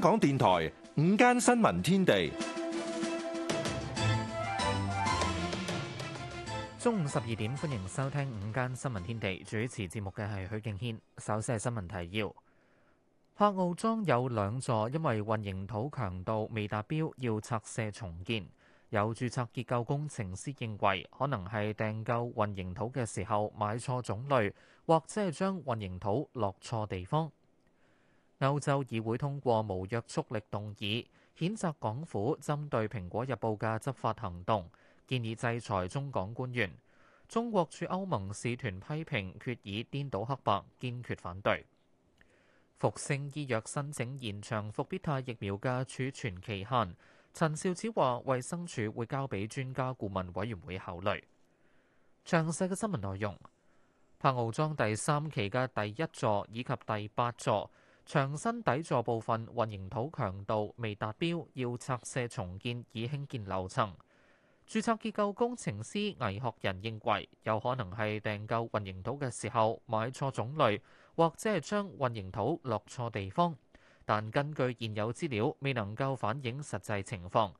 港電台五間新聞天地，中午十二點，歡迎收聽五間新聞天地。主持節目嘅係許敬軒。首先係新聞提要：客澳莊有兩座因為混凝土強度未達標，要拆卸重建。有注冊結構工程師認為，可能係訂購混凝土嘅時候買錯種類，或者係將混凝土落錯地方。歐洲議會通過無約束力動議，譴責港府針對《蘋果日報》嘅執法行動，建議制裁中港官員。中國駐歐盟使團批評決議顛倒黑白，堅決反對。復星醫藥申請延長復必泰疫苗嘅儲存期限，陳肇始話衛生署會交俾專家顧問委員會考慮。詳細嘅新聞內容，柏傲莊第三期嘅第一座以及第八座，牆身底座部分混凝土強度未達標，要拆卸重建以興建樓層。註冊結構工程師魏學仁認為，有可能係訂購混凝土嘅時候買錯種類，或者係將混凝土落錯地方。但根據現有資料，未能夠反映實際情況。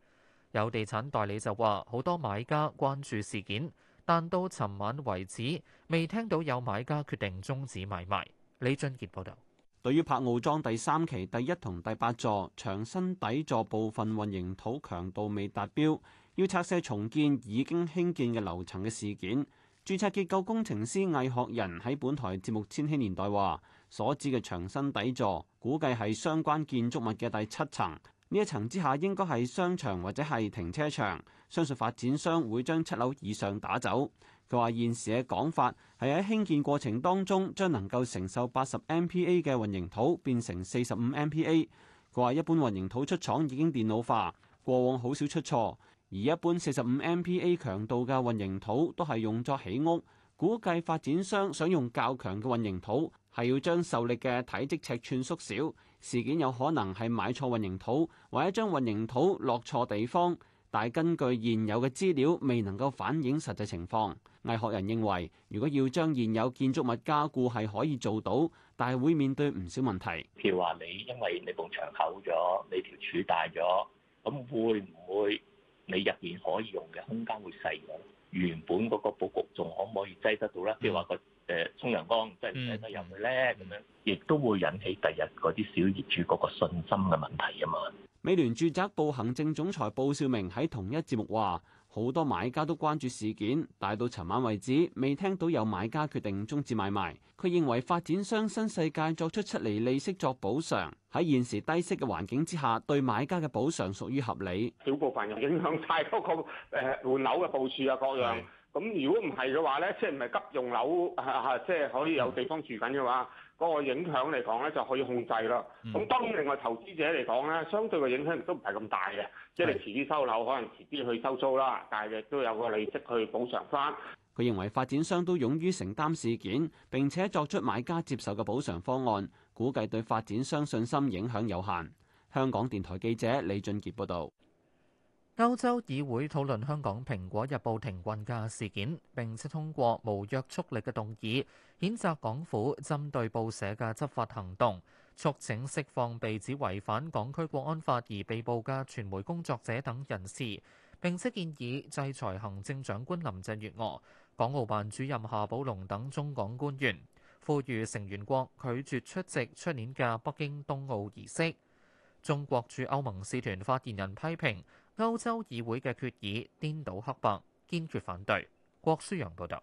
有地產代理就話，好多買家關注事件，但到尋晚為止，未聽到有買家決定終止買賣。李俊傑報導。對於柏傲莊第三期第一同第八座牆身底座部分混凝土強度未達標，要拆卸重建已經興建嘅樓層嘅事件，註冊結構工程師魏學仁喺本台節目《千禧年代》話，所指嘅牆身底座，估計係相關建築物嘅第七層，呢一層之下應該係商場或者係停車場，相信發展商會將七樓以上打走。佢話現時嘅講法係喺興建過程當中，將能夠承受八十 MPA 嘅混凝土變成四十五 MPA。佢話一般混凝土出廠已經電腦化，過往好少出錯。而一般四十五 MPA 強度嘅混凝土都係用作起屋。估計發展商想用較強嘅混凝土，係要將受力嘅體積尺寸縮小。事件有可能係買錯混凝土，或者將混凝土落錯地方。但係根據現有嘅資料，未能夠反映實際情況。藝學人認為，如果要將現有建築物加固係可以做到，但係會面對唔少問題。譬如話你因為你部牆厚咗，你條柱大咗，咁會唔會你入面可以用嘅空間會細咗？原本嗰個佈局仲可唔可以擠得到咧？譬如話個誒沖涼缸真係擠得入去咧，咁樣亦都會引起第日嗰啲小業主嗰個信心嘅問題啊嘛。美聯住宅部行政總裁布少明喺同一節目話，好多買家都關注事件，但到尋晚為止未聽到有買家決定終止買賣。佢認為發展商新世界作出七厘利息作補償，喺現時低息嘅環境之下，對買家嘅補償屬於合理。小部分人影響太多個誒換樓嘅部署啊，各樣。咁是如果唔係嘅話咧，即係唔係急用樓，即係可以有地方住緊嘅話。個影響嚟講咧，就可以控制啦。咁、嗯、當然，另外投資者嚟講咧，相對嘅影響亦都唔係咁大嘅，的即係你遲啲收樓，可能遲啲去收租啦，但係亦都有個利息去補償翻。佢認為發展商都勇於承擔事件，並且作出買家接受嘅補償方案，估計對發展商信心影響有限。香港電台記者李俊傑報導。歐洲議會討論香港《蘋果日報》停運嘅事件，並且通過無約束力嘅動議，譴責港府針對報社嘅執法行動，促請釋放被指違反港區國安法而被捕嘅傳媒工作者等人士。並且建議制裁行政長官林鄭月娥、港澳辦主任夏寶龍等中港官員，呼籲成員國拒絕出席出年嘅北京冬奧儀式。中國駐歐盟使團發言人批評。歐洲議會嘅決議顛倒黑白，堅決反對。郭舒揚報道，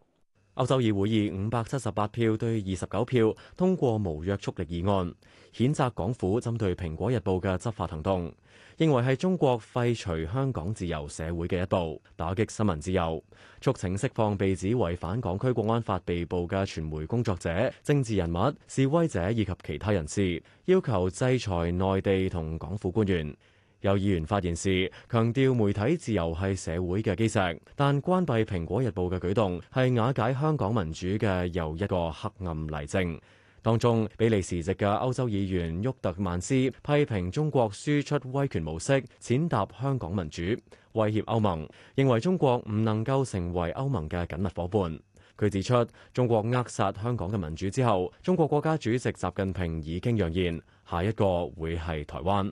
歐洲議會以五百七十八票對二十九票通過無約束力議案，譴責港府針對《蘋果日報》嘅執法行動，認為係中國廢除香港自由社會嘅一步，打擊新聞自由，促請釋放被指違反港區國安法被捕嘅傳媒工作者、政治人物、示威者以及其他人士，要求制裁內地同港府官員。有議員發言時強調，媒體自由係社會嘅基石，但關閉《蘋果日報》嘅舉動係瓦解香港民主嘅又一個黑暗例證。當中比利時籍嘅歐洲議員沃特曼斯批評中國輸出威權模式，踐踏香港民主，威脅歐盟，認為中國唔能夠成為歐盟嘅緊密伙伴。佢指出，中國扼殺香港嘅民主之後，中國國家主席習近平已經揚言，下一個會係台灣。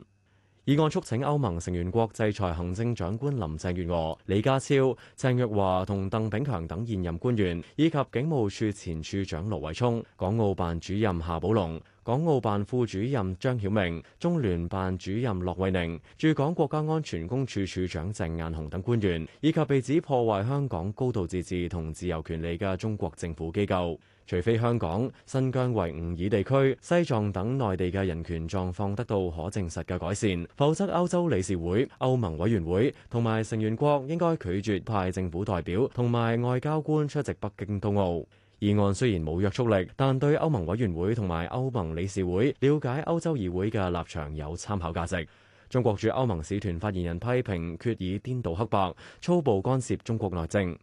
議案促請歐盟成員國制裁行政長官林鄭月娥、李家超、鄭若驊同鄧炳強等現任官員，以及警務處前處長盧偉聰、港澳辦主任夏寶龍、港澳辦副主任張曉明、中聯辦主任駱惠寧、駐港國家安全公署署長鄭雁雄等官員，以及被指破壞香港高度自治同自由權利嘅中國政府機構。除非香港、新疆維吾爾地區、西藏等內地嘅人權狀況得到可證實嘅改善，否則歐洲理事會、歐盟委員會同埋成員國應該拒絕派政府代表同埋外交官出席北京冬奧。議案雖然冇約束力，但對歐盟委員會同埋歐盟理事會了解歐洲議會嘅立場有參考價值。中國駐歐盟使團發言人批評決議顛倒黑白、粗暴干涉中國內政。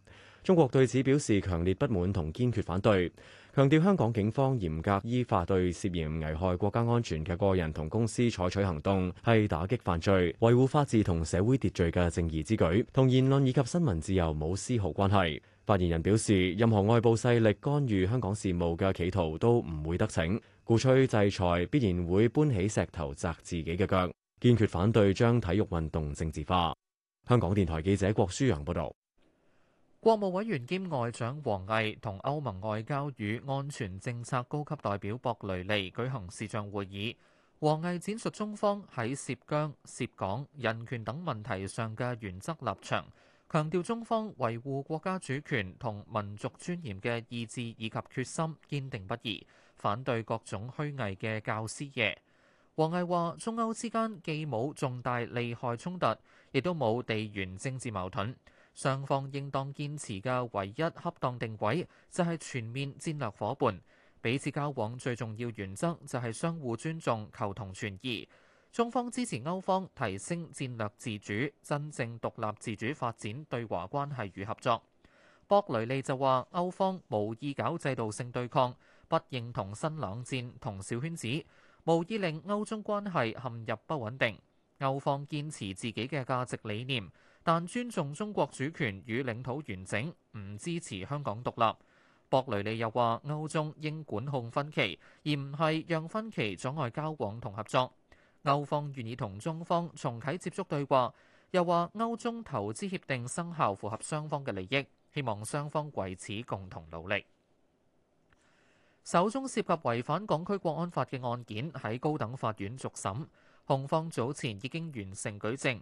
中國對此表示強烈不滿同堅決反對，強調香港警方嚴格依法對涉嫌危害國家安全嘅個人同公司採取行動，係打擊犯罪、維護法治同社會秩序嘅正義之舉，同言論以及新聞自由冇絲毫關係。發言人表示，任何外部勢力干預香港事務嘅企圖都唔會得逞，鼓吹制裁必然會搬起石頭砸自己嘅腳，堅決反對將體育運動政治化。香港電台記者郭舒揚報道。國務委員兼外長王毅同歐盟外交與安全政策高級代表博雷利舉行視像會議。王毅展述中方喺涉疆、涉港、人權等問題上嘅原則立場，強調中方維護國家主權同民族尊嚴嘅意志以及決心堅定不移，反對各種虛偽嘅教師爺。王毅話：中歐之間既冇重大利害衝突，亦都冇地緣政治矛盾。雙方應當堅持嘅唯一恰當定位，就係全面戰略夥伴，彼此交往最重要原則就係相互尊重、求同存異。中方支持歐方提升戰略自主，真正獨立自主發展對華關係與合作。博雷利就話，歐方無意搞制度性對抗，不認同新冷戰同小圈子，無意令歐中關係陷入不穩定。歐方堅持自己嘅價值理念。但尊重中國主權與領土完整，唔支持香港獨立。博雷利又話：歐中應管控分歧，而唔係讓分歧阻礙交往同合作。歐方願意同中方重啟接觸對話，又話歐中投資協定生效符合雙方嘅利益，希望雙方為此共同努力。首宗涉及違反港區國安法嘅案件喺高等法院續審，控方早前已經完成舉證。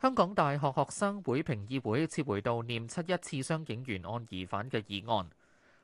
香港大學學生會評議會撤回悼念七一刺傷警員案疑犯嘅議案，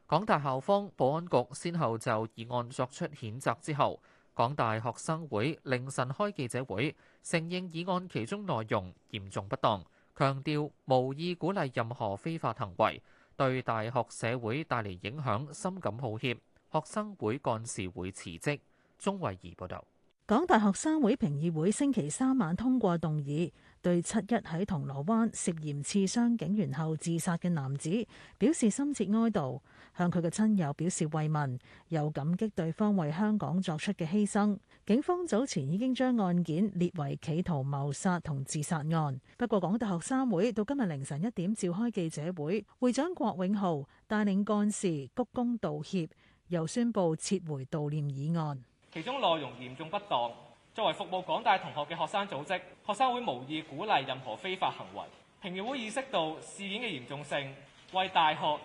港大校方、保安局先後就議案作出譴責之後，港大學生會凌晨開記者會承認議案其中內容嚴重不當，強調無意鼓勵任何非法行為，對大學社會帶嚟影響深感抱歉，學生會幹事會辭職。鍾慧儀報導。港大學生會評議會星期三晚通過動議，對七一喺銅鑼灣涉嫌刺傷警員後自殺嘅男子表示深切哀悼，向佢嘅親友表示慰問，又感激對方為香港作出嘅犧牲。警方早前已經將案件列為企圖謀殺同自殺案。不過，港大學生會到今日凌晨一點召開記者會，會長郭永豪帶領幹事鞠躬道歉，又宣布撤回悼念議案。其中內容嚴重不當，作為服務廣大同學嘅學生組織，學生會無意鼓勵任何非法行為。評議會意識到事件嘅嚴重性，為大學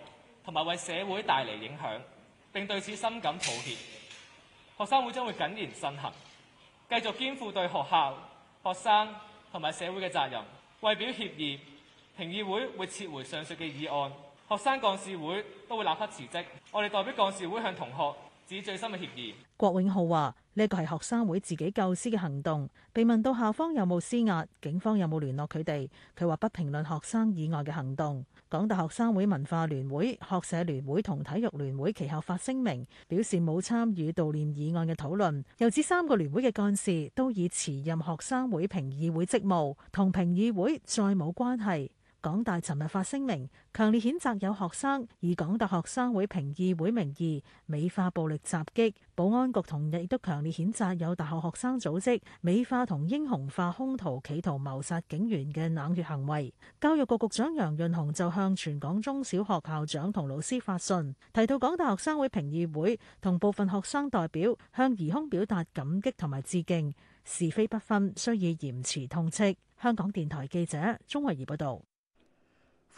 同埋為社會帶嚟影響，並對此深感抱歉。學生會將會謹言慎行，繼續肩負對學校、學生同埋社會嘅責任。為表歉意，評議會會撤回上述嘅議案，學生幹事會都會立刻辭職。我哋代表幹事會向同學。是最新嘅協議。郭永浩話：呢個係學生會自己構思嘅行動。被問到校方有冇施壓，警方有冇聯絡佢哋，佢話不評論學生以外嘅行動。港大學生會文化聯會、學社聯會同體育聯會其後發聲明表示冇參與悼念議案嘅討論，又指三個聯會嘅幹事都已辭任學生會評議會職務，同評議會再冇關係。港大尋日發聲明，強烈譴責有學生以港大學生會評議會名義美化暴力襲擊。保安局同日亦都強烈譴責有大學學生組織美化同英雄化兇徒，企圖謀殺警員嘅冷血行為。教育局局長楊潤雄就向全港中小學校長同老師發信，提到港大學生會評議會同部分學生代表向疑兇表達感激同埋致敬。是非不分，需要嚴詞痛斥。香港電台記者鍾慧儀報道。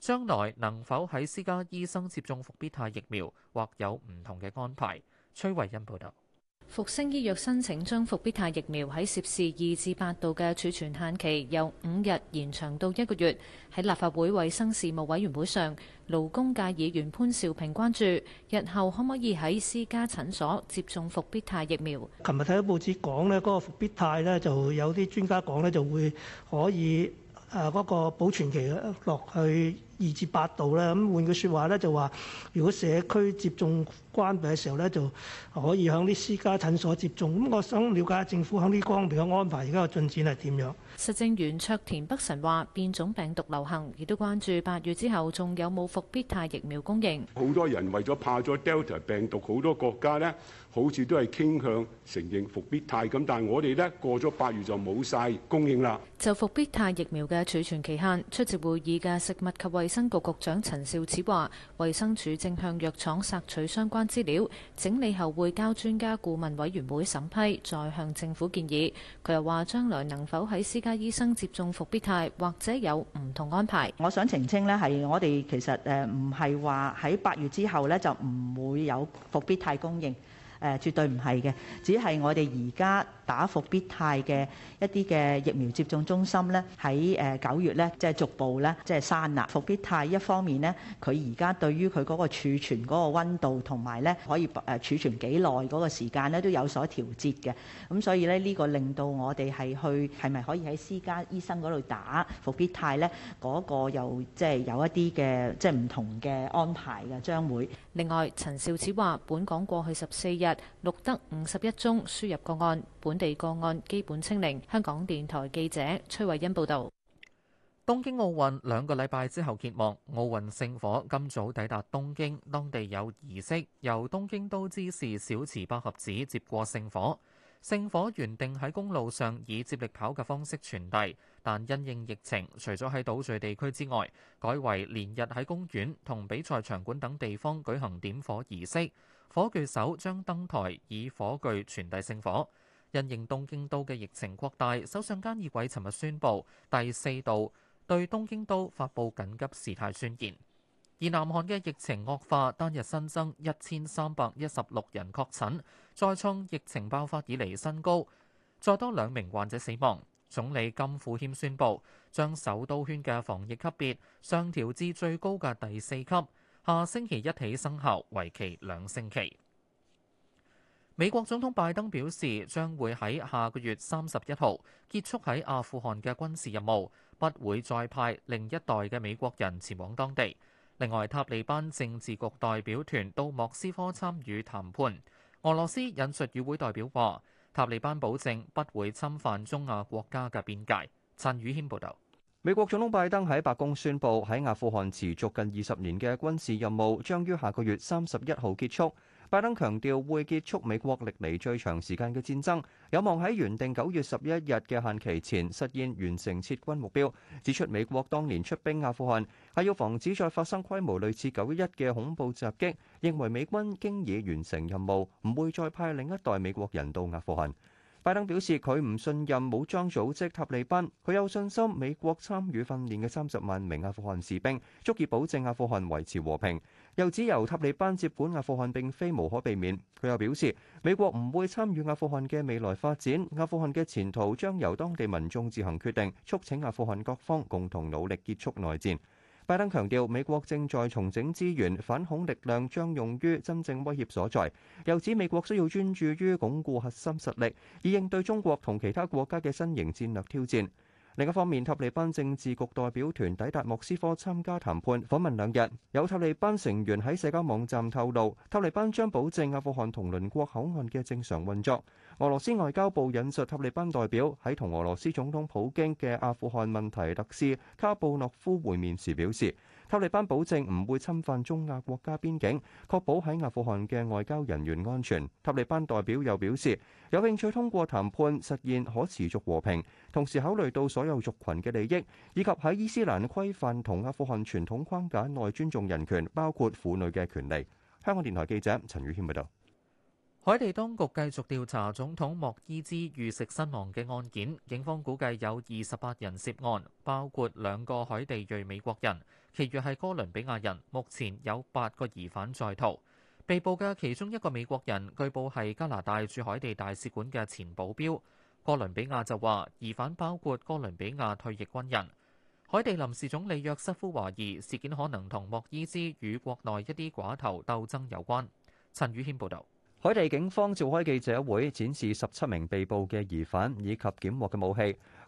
將來能否喺私家醫生接種伏必泰疫苗，或有唔同嘅安排？崔慧恩報道。復星醫藥申請將伏必泰疫苗喺攝氏二至八度嘅儲存限期由五日延長到一個月。喺立法會衛生事務委員會上，勞工界議員潘兆平關注，日後可唔可以喺私家診所接種伏必泰疫苗？琴日睇咗報紙講呢個伏必泰呢，就有啲專家講呢，就會可以誒嗰個保存期落去。二至八度咧，咁換句説話咧就話，如果社區接種關閉嘅時候咧，就可以向啲私家診所接種。咁我想了解下政府向啲方面嘅安排，而家嘅進展係點樣？實政圓桌田北辰話：變種病毒流行，亦都關注八月之後仲有冇復必泰疫苗供應。好多人為咗怕咗 Delta 病毒，好多國家咧，好似都係傾向承認復必泰咁，但係我哋咧過咗八月就冇曬供應啦。就復必泰疫苗嘅儲存期限，出席會議嘅食物及衞。衛生局局長，陳肇始話，衛生署正向藥廠索取相關資料，整理後會交專家顧問委員會審批，再向政府建議。佢又話，將來能否喺私家醫生接種復必泰，或者有唔同安排？我想澄清呢，係我哋其實誒唔係話喺八月之後呢，就唔會有復必泰供應。誒、呃、絕對唔係嘅，只係我哋而家打復必泰嘅一啲嘅疫苗接種中心呢，喺誒九月呢，即、就、係、是、逐步呢，即、就、係、是、刪啦。復必泰一方面呢，佢而家對於佢嗰個儲存嗰個溫度同埋呢可以誒儲存幾耐嗰個時間呢，都有所調節嘅。咁、嗯、所以呢，呢個令到我哋係去係咪可以喺私家醫生嗰度打復必泰呢？嗰、那個又即係、就是、有一啲嘅即係唔同嘅安排嘅，將會。另外，陳肇始話：本港過去十四日。錄得五十一宗輸入個案，本地個案基本清零。香港電台記者崔慧欣報道。東京奧運兩個禮拜之後揭幕，奧運聖火今早抵達東京，當地有儀式，由東京都知事小池百合子接過聖火。聖火原定喺公路上以接力跑嘅方式傳遞，但因應疫情，除咗喺島嶼地區之外，改為連日喺公園，同比賽場館等地方舉行點火儀式。火炬手將登台以火炬傳遞聖火。因應東京都嘅疫情擴大，首相菅義偉尋日宣布第四度對東京都發布緊急事態宣言。而南韓嘅疫情惡化，單日新增一千三百一十六人確診，再創疫情爆發以嚟新高。再多兩名患者死亡。總理金富謙宣布將首都圈嘅防疫級別上調至最高嘅第四級。下星期一起生效，為期兩星期。美國總統拜登表示，將會喺下個月三十一號結束喺阿富汗嘅軍事任務，不會再派另一代嘅美國人前往當地。另外，塔利班政治局代表團到莫斯科參與談判。俄羅斯引述議會代表話塔利班保證不會侵犯中亞國家嘅邊界。陳宇軒報道。美國總統拜登喺白宮宣布，喺阿富汗持續近二十年嘅軍事任務將於下個月三十一號結束。拜登強調會結束美國歷嚟最長時間嘅戰爭，有望喺原定九月十一日嘅限期前實現完成撤軍目標。指出美國當年出兵阿富汗係要防止再發生規模類似九一一嘅恐怖襲擊，認為美軍經已完成任務，唔會再派另一代美國人到阿富汗。拜登表示，佢唔信任武裝組織塔利班，佢有信心美國參與訓練嘅三十萬名阿富汗士兵足以保證阿富汗維持和平。又指由塔利班接管阿富汗並非無可避免。佢又表示美國唔會參與阿富汗嘅未來發展，阿富汗嘅前途將由當地民眾自行決定，促請阿富汗各方共同努力結束內戰。拜登強調，美國正在重整資源，反恐力量將用於真正威脅所在。又指美國需要專注於鞏固核心實力，以應對中國同其他國家嘅新型戰略挑戰。另一方面，塔利班政治局代表團抵達莫斯科參加談判，訪問兩日。有塔利班成員喺社交網站透露，塔利班將保證阿富汗同鄰國口岸嘅正常運作。俄羅斯外交部引述塔利班代表喺同俄羅斯總統普京嘅阿富汗問題特使卡布諾夫會面時表示，塔利班保證唔會侵犯中亞國家邊境，確保喺阿富汗嘅外交人員安全。塔利班代表又表示，有興趣通過談判實現可持續和平，同時考慮到所有族羣嘅利益，以及喺伊斯蘭規範同阿富汗傳統框架內尊重人權，包括婦女嘅權利。香港電台記者陳宇軒報道。海地當局繼續調查總統莫伊茲遇刺身亡嘅案件，警方估計有二十八人涉案，包括兩個海地裔美國人。其餘係哥倫比亞人，目前有八個疑犯在逃。被捕嘅其中一個美國人，據報係加拿大駐海地大使館嘅前保鏢。哥倫比亞就話，疑犯包括哥倫比亞退役軍人。海地臨時總理約瑟夫懷疑事件可能同莫伊茲與國內一啲寡頭鬥爭有關。陳宇軒報導。海地警方召開記者會，展示十七名被捕嘅疑犯以及檢獲嘅武器。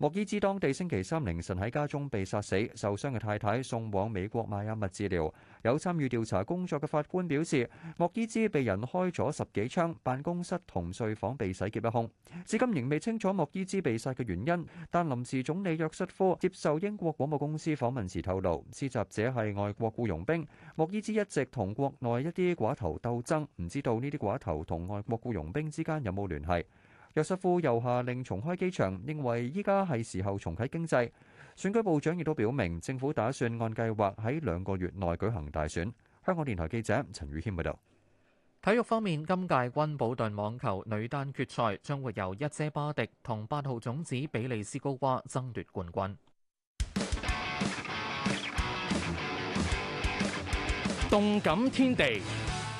莫伊茲當地星期三凌晨喺家中被殺死，受傷嘅太太送往美國邁阿密治療。有參與調查工作嘅法官表示，莫伊茲被人開咗十幾槍，辦公室同睡房被洗劫一空。至今仍未清楚莫伊茲被殺嘅原因。但臨時總理約瑟夫接受英國廣播公司訪問時透露，施襲者係外國僱傭兵。莫伊茲一直同國內一啲寡頭鬥爭，唔知道呢啲寡頭同外國僱傭兵之間有冇聯繫。約瑟夫又下令重開機場，認為依家係時候重啟經濟。選舉部長亦都表明，政府打算按計劃喺兩個月內舉行大選。香港電台記者陳宇謙報道。體育方面，今屆溫布頓網球女單決賽將會由一姐巴迪同八號種子比利斯高娃爭奪冠軍。動感天地。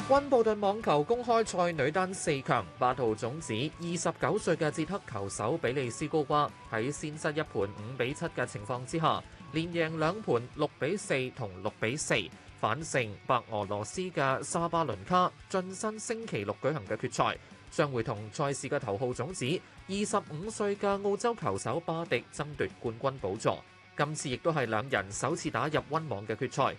溫布頓網球公開賽女單四強，八號種子二十九歲嘅捷克球手比利斯高娃喺先失一盤五比七嘅情況之下，連贏兩盤六比四同六比四，反勝白俄羅斯嘅沙巴倫卡，晉身星期六舉行嘅決賽，將會同賽事嘅頭號種子二十五歲嘅澳洲球手巴迪爭奪冠軍寶座。今次亦都係兩人首次打入溫網嘅決賽。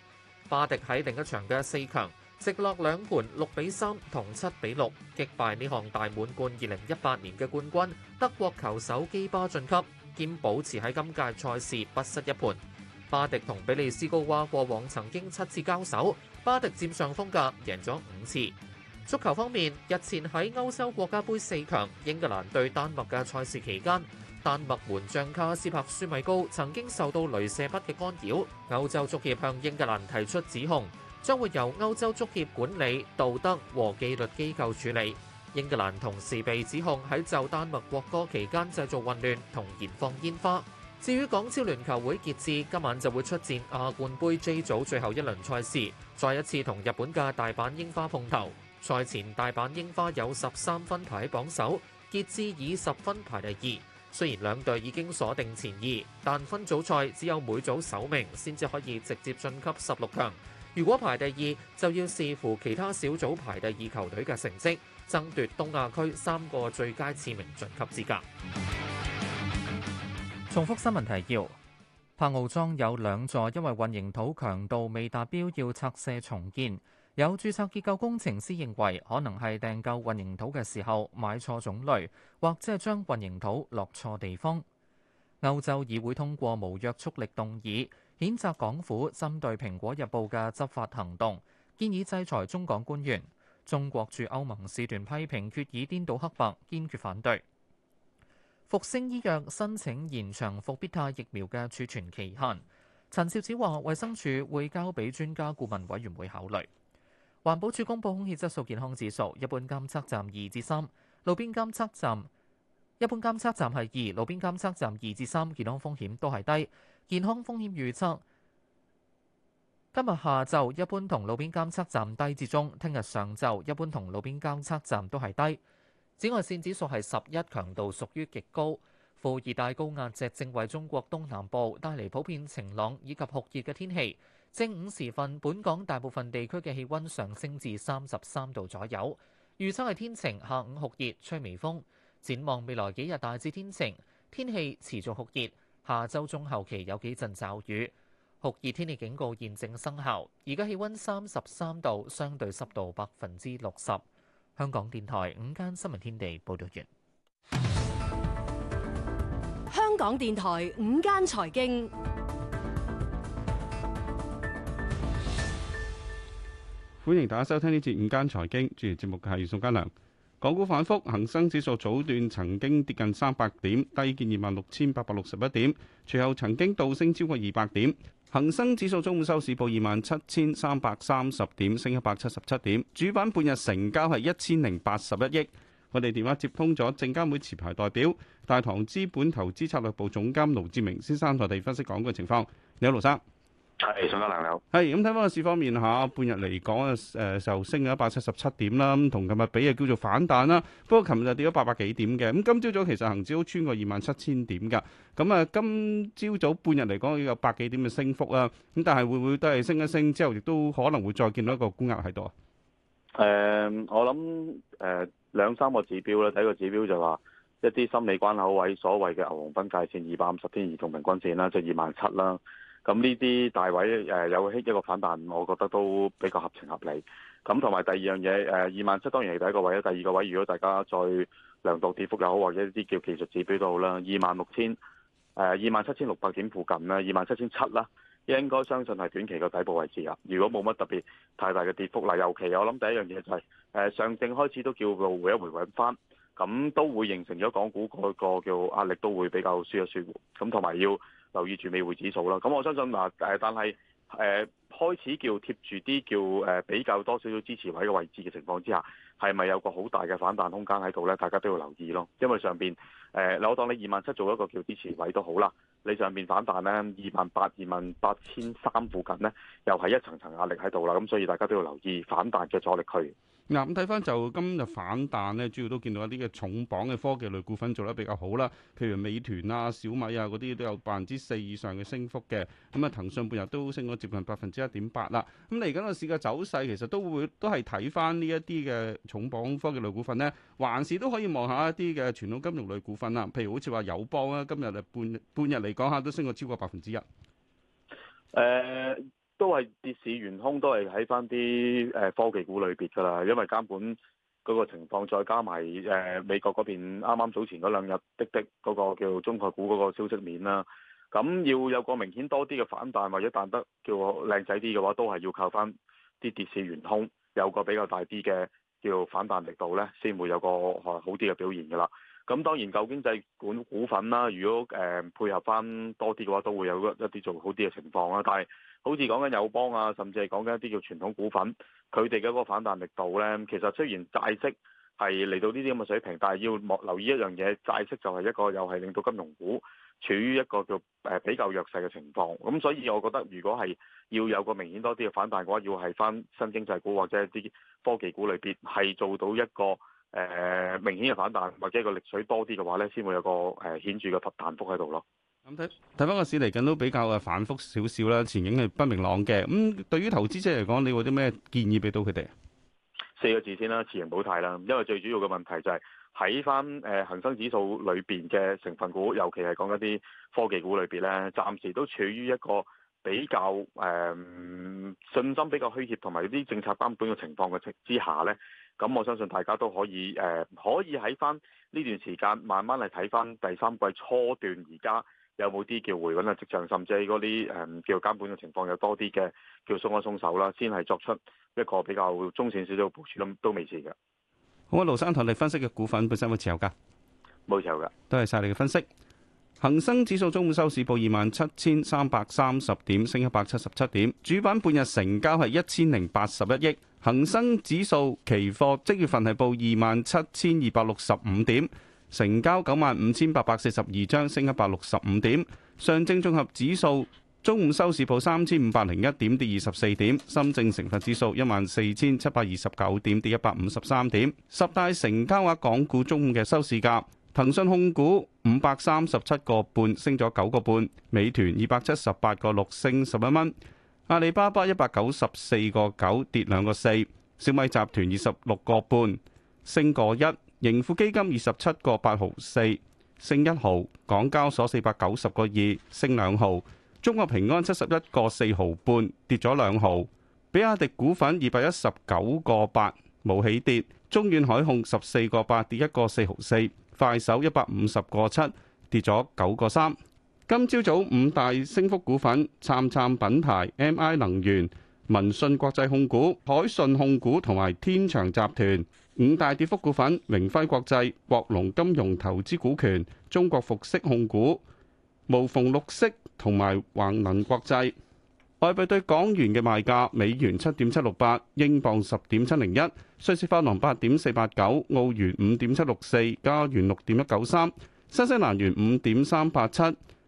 巴迪喺另一場嘅四強。直落兩盤六比三同七比六擊敗呢項大滿貫二零一八年嘅冠軍德國球手基巴晉級，兼保持喺今屆賽事不失一盤。巴迪同比利斯高娃，過往曾經七次交手，巴迪佔上風㗎，贏咗五次。足球方面，日前喺歐洲國家杯四強英格蘭對丹麥嘅賽事期間，丹麥門將卡斯帕舒米高曾經受到雷射筆嘅干擾，歐洲足協向英格蘭提出指控。將會由歐洲足協管理道德和紀律機構處理。英格蘭同時被指控喺就丹麥國歌期間製造混亂同燃放煙花。至於港超聯球會傑志今晚就會出戰亞冠杯 J 組最後一輪賽事，再一次同日本嘅大阪櫻花碰頭。賽前大阪櫻花有十三分排喺榜首，傑志以十分排第二。雖然兩隊已經鎖定前二，但分組賽只有每組首名先至可以直接晉級十六強。如果排第二，就要視乎其他小組排第二球隊嘅成績，爭奪東亞區三個最佳次名晉級資格。重複新聞提要：柏傲莊有兩座因為混凝土強度未達標，要拆卸重建。有注冊結構工程師認為,為可能係訂購混凝土嘅時候買錯種類，或者係將混凝土落錯地方。歐洲議會通過無約束力動議。譴責港府針對《蘋果日報》嘅執法行動，建議制裁中港官員。中國駐歐盟使團批評決議顛倒黑白，堅決反對。復星醫藥申請延長復必泰疫苗嘅儲存期限。陳肇始話，衛生署會交俾專家顧問委員會考慮。環保署公佈空氣質素健康指數，一般監測站二至三，3，路邊監測站一般監測站係二，路邊監測站二至三，健康風險都係低。健康風險預測：今日下晝一般同路邊監測站低至中，聽日上晝一般同路邊監測站都係低。紫外線指數係十一，強度屬於極高。副熱帶高壓脊正為中國東南部帶嚟普遍晴朗以及酷熱嘅天氣。正午時分，本港大部分地區嘅氣温上升至三十三度左右。預測係天晴，下午酷熱，吹微風。展望未來幾日大致天晴，天氣持續酷熱。下周中後期有幾陣驟雨，酷熱天氣警告，現正生效。而家氣溫三十三度，相對濕度百分之六十。香港電台午間新聞天地報道完。香港電台午間財經，歡迎大家收聽呢節午間財經，主持節目嘅係宋嘉良。港股反覆，恒生指數早段曾經跌近三百點，低見二萬六千八百六十一點，隨後曾經倒升超過二百點，恒生指數中午收市報二萬七千三百三十點，升一百七十七點。主板半日成交係一千零八十一億，我哋電話接通咗證監會持牌代表大堂資本投資策略部總監盧志明先生，同我哋分析港股嘅情況，你好，盧生。係，上得難料。係咁，睇翻個市方面吓，半日嚟講啊，誒、呃，升就升咗一百七十七點啦。咁同琴日比啊，叫做反彈啦。不過琴日跌咗八百幾點嘅。咁、嗯、今朝早其實恒指都穿過二萬七千點噶。咁、嗯、啊，今朝早半日嚟講有百幾點嘅升幅啦。咁但係會唔會都係升一升之後，亦都可能會再見到一個沽壓喺度啊？誒、呃，我諗誒兩三個指標啦。第一個指標就話、是，一啲心理關口位，所謂嘅牛熊分界線，二百五十天移動平均線、就是、27, 啦，即係二萬七啦。咁呢啲大位誒、呃、有一個反彈，我覺得都比較合情合理。咁同埋第二樣嘢誒，二萬七當然係第一個位啦，第二個位如果大家再量度跌幅又好，或者一啲叫技術指標都好啦，二萬六千誒二萬七千六百點附近啦，二萬七千七啦，應該相信係短期嘅底部位置啦。如果冇乜特別太大嘅跌幅啦，尤其我諗第一樣嘢就係、是、誒、呃、上證開始都叫做回一回揾翻，咁都會形成咗港股嗰個叫壓力都會比較舒一舒。咁同埋要。留意住美匯指數啦，咁我相信嗱，誒、呃，但係誒、呃、開始叫貼住啲叫誒比較多少少支持位嘅位置嘅情況之下，係咪有個好大嘅反彈空間喺度呢？大家都要留意咯，因為上邊誒、呃，我當你二萬七做一個叫支持位都好啦，你上邊反彈呢，二萬八、二萬八千三附近呢，又係一層層壓力喺度啦，咁所以大家都要留意反彈嘅阻力區。嗱，咁睇翻就今日反彈咧，主要都見到一啲嘅重磅嘅科技類股份做得比較好啦。譬如美團啊、小米啊嗰啲都有百分之四以上嘅升幅嘅。咁、嗯、啊，騰訊半日都升咗接近百分之一點八啦。咁嚟緊個市嘅走勢其實都會都係睇翻呢一啲嘅重磅科技類股份咧，還是都可以望下一啲嘅傳統金融類股份啦。譬如好似話友邦啊，今日啊半半日嚟講下都升咗超過百分之一。誒、uh。都係跌市元凶，都係喺翻啲誒科技股裏邊噶啦，因為監管嗰個情況，再加埋誒美國嗰邊啱啱早前嗰兩日的滴滴嗰個叫中概股嗰個消息面啦，咁要有個明顯多啲嘅反彈，或者彈得叫靚仔啲嘅話，都係要靠翻啲跌市元凶有個比較大啲嘅叫反彈力度呢，先會有個好啲嘅表現噶啦。咁當然舊經濟股股份啦，如果誒、呃、配合翻多啲嘅話，都會有一一啲做好啲嘅情況啦，但係。好似講緊友邦啊，甚至係講緊一啲叫傳統股份，佢哋嘅嗰個反彈力度呢。其實雖然債息係嚟到呢啲咁嘅水平，但係要望留意一樣嘢，債息就係一個又係令到金融股處於一個叫誒比較弱勢嘅情況。咁所以我覺得，如果係要有個明顯多啲嘅反彈嘅話，要係返新經濟股或者啲科技股裏邊係做到一個誒、呃、明顯嘅反彈，或者個力水多啲嘅話呢，先會有個誒、呃、顯著嘅反彈幅喺度咯。咁睇睇翻個市嚟緊都比較誒反覆少少啦，前景係不明朗嘅。咁、嗯、對於投資者嚟講，你會啲咩建議俾到佢哋？四個字先啦，持盈保泰啦。因為最主要嘅問題就係喺翻誒恒生指數裏邊嘅成分股，尤其係講一啲科技股裏邊咧，暫時都處於一個比較誒、呃、信心比較虛怯，同埋啲政策監管嘅情況嘅之之下咧。咁我相信大家都可以誒、呃，可以喺翻呢段時間慢慢嚟睇翻第三季初段而家，有冇啲叫回穩嘅跡象，甚至係嗰啲誒叫監管嘅情況有多啲嘅，叫鬆一鬆手啦，先係作出一個比較中線少少部署，都都未遲嘅。好啊，盧生同你分析嘅股份本身會持有噶？冇持有噶。多謝晒你嘅分析。恒生指數中午收市報二萬七千三百三十點，升一百七十七點。主板半日成交係一千零八十一億。恒生指數期貨即月份係報二萬七千二百六十五點。成交九萬五千八百四十二張，升一百六十五點。上證綜合指數中午收市報三千五百零一點，跌二十四點。深證成分指數一萬四千七百二十九點，跌一百五十三點。十大成交額、啊、港股中午嘅收市價：騰訊控股五百三十七個半，升咗九個半；美團二百七十八個六，升十一蚊；阿里巴巴一百九十四個九，跌兩個四；小米集團二十六個半，升個一。盈富基金二十七個八毫四，升一毫；港交所四百九十個二，升兩毫；中國平安七十一個四毫半，跌咗兩毫；比亞迪股份二百一十九個八，冇起跌；中遠海控十四個八，跌一個四毫四；快手一百五十個七，跌咗九個三。今朝早五大升幅股份：杉杉品牌、MI 能源、民信國際控股、海信控股同埋天祥集團。五大跌幅股份：明輝國際、國龍金融投資股權、中國服飾控股、無縫綠色同埋橫能國際。外幣對港元嘅賣價：美元七點七六八，英鎊十點七零一，瑞士法郎八點四八九，澳元五點七六四，加元六點一九三，新西蘭元五點三八七，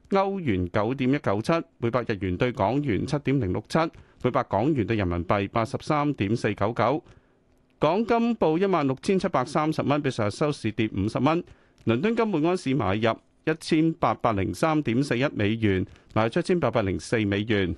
歐元九點一九七，每百日元對港元七點零六七，每百港元對人民幣八十三點四九九。港金報一萬六千七百三十蚊，比上日收市跌五十蚊。倫敦金每安士買入一千八百零三點四一美元，賣出一千八百零四美元。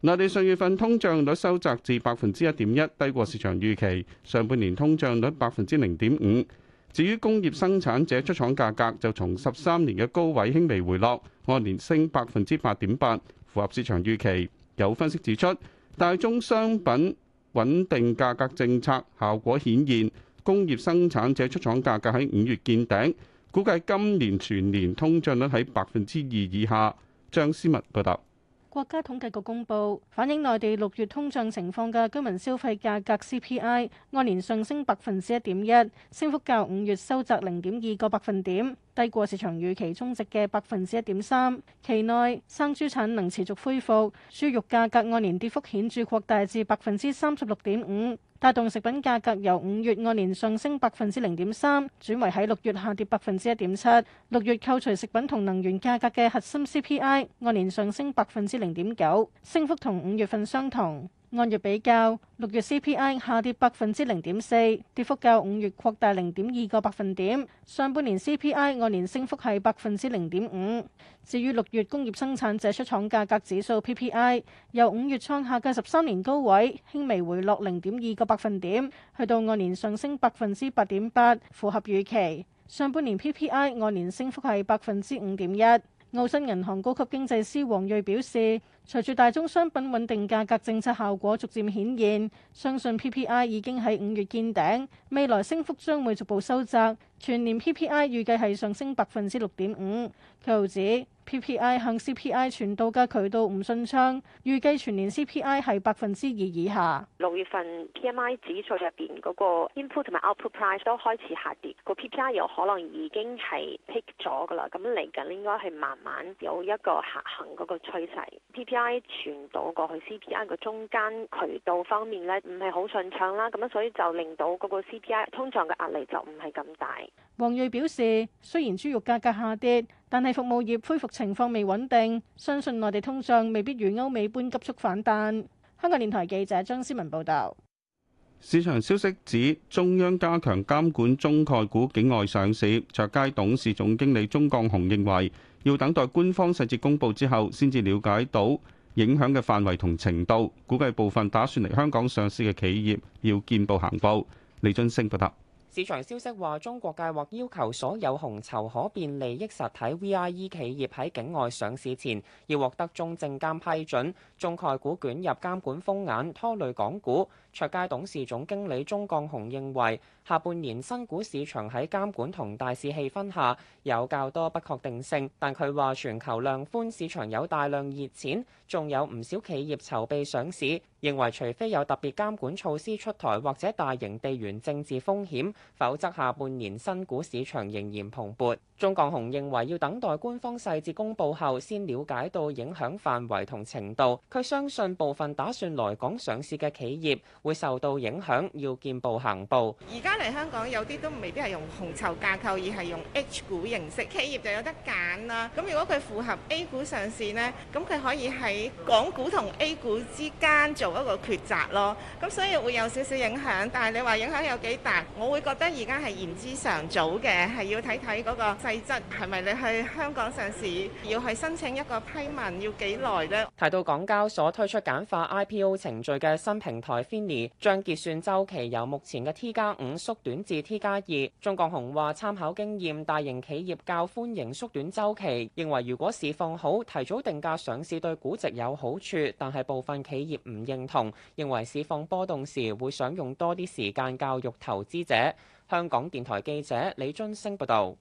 內地上月份通脹率收窄至百分之一點一，低過市場預期。上半年通脹率百分之零點五。至於工業生產者出廠價格就從十三年嘅高位輕微回落，按年升百分之八點八，符合市場預期。有分析指出，大宗商品。穩定價格政策效果顯現，工業生產者出廠價格喺五月見頂，估計今年全年通脹率喺百分之二以下。張思密報道，國家統計局公布反映內地六月通脹情況嘅居民消費價格 CPI 按年上升百分之一點一，升幅較五月收窄零點二個百分點。低過市場預期中值嘅百分之一點三，期內生豬產能持續恢復，豬肉價格按年跌幅顯著擴大至百分之三十六點五，帶動食品價格由五月按年上升百分之零點三轉為喺六月下跌百分之一點七。六月扣除食品同能源價格嘅核心 CPI 按年上升百分之零點九，升幅同五月份相同。按月比較，六月 CPI 下跌百分之零點四，跌幅較五月擴大零點二個百分點。上半年 CPI 按年升幅係百分之零點五。至於六月工業生產者出廠價格指數 PPI，由五月創下嘅十三年高位，輕微回落零點二個百分點，去到按年上升百分之八點八，符合預期。上半年 PPI 按年升幅係百分之五點一。澳新銀行高級經濟師黃瑞表示。隨住大宗商品穩定價格政策效果逐漸顯現，相信 PPI 已經喺五月見頂，未來升幅將會逐步收窄。全年 PPI 預計係上升百分之六點五。佢又指 PPI 向 CPI 傳導嘅渠道唔順暢，預計全年 CPI 係百分之二以下。六月份 PMI 指數入邊嗰個 input 同埋 output price 都開始下跌，個 PPI 又可能已經係 pick 咗噶啦，咁嚟緊應該係慢慢有一個下行嗰個趨勢。I 傳到過去 CPI 嘅中間渠道方面呢，唔係好順暢啦，咁樣所以就令到嗰個 CPI 通脹嘅壓力就唔係咁大。黃瑞表示，雖然豬肉價格下跌，但係服務業恢復情況未穩定，相信內地通脹未必如歐美般急速反彈。香港電台記者張思文報道。市場消息指中央加強監管中概股境外上市。卓佳董事總經理鍾鋼雄認為。要等待官方細節公布之後先至了解到影響嘅範圍同程度，估計部分打算嚟香港上市嘅企業要見步行步。李津升報道。市場消息話中國計劃要求所有紅籌可變利益實體 VIE 企業喺境外上市前，要獲得中證監批准。中概股捲入監管風眼，拖累港股。卓佳董事總經理鍾降雄認為下半年新股市場喺監管同大市氣氛下有較多不確定性，但佢話全球量寬市場有大量熱錢，仲有唔少企業籌備上市，認為除非有特別監管措施出台或者大型地緣政治風險，否則下半年新股市場仍然蓬勃。鍾降雄認為要等待官方細節公布後先了解到影響範圍同程度，佢相信部分打算來港上市嘅企業。會受到影響，要見步行步。而家嚟香港有啲都未必係用紅籌架構，而係用 H 股形式，企業就有得揀啦。咁如果佢符合 A 股上市呢，咁佢可以喺港股同 A 股之間做一個抉擇咯。咁所以會有少少影響，但係你話影響有幾大，我會覺得而家係言之尚早嘅，係要睇睇嗰個細則係咪你去香港上市要去申請一個批文要幾耐呢？提到港交所推出簡化 IPO 程序嘅新平台 FINI 將結算周期由目前嘅 T 加五縮短至 T 加二。鍾國雄話：參考經驗，大型企業較歡迎縮短周期，認為如果市況好，提早定價上市對估值有好處。但係部分企業唔認同，認為市況波動時會想用多啲時間教育投資者。香港電台記者李津升報道。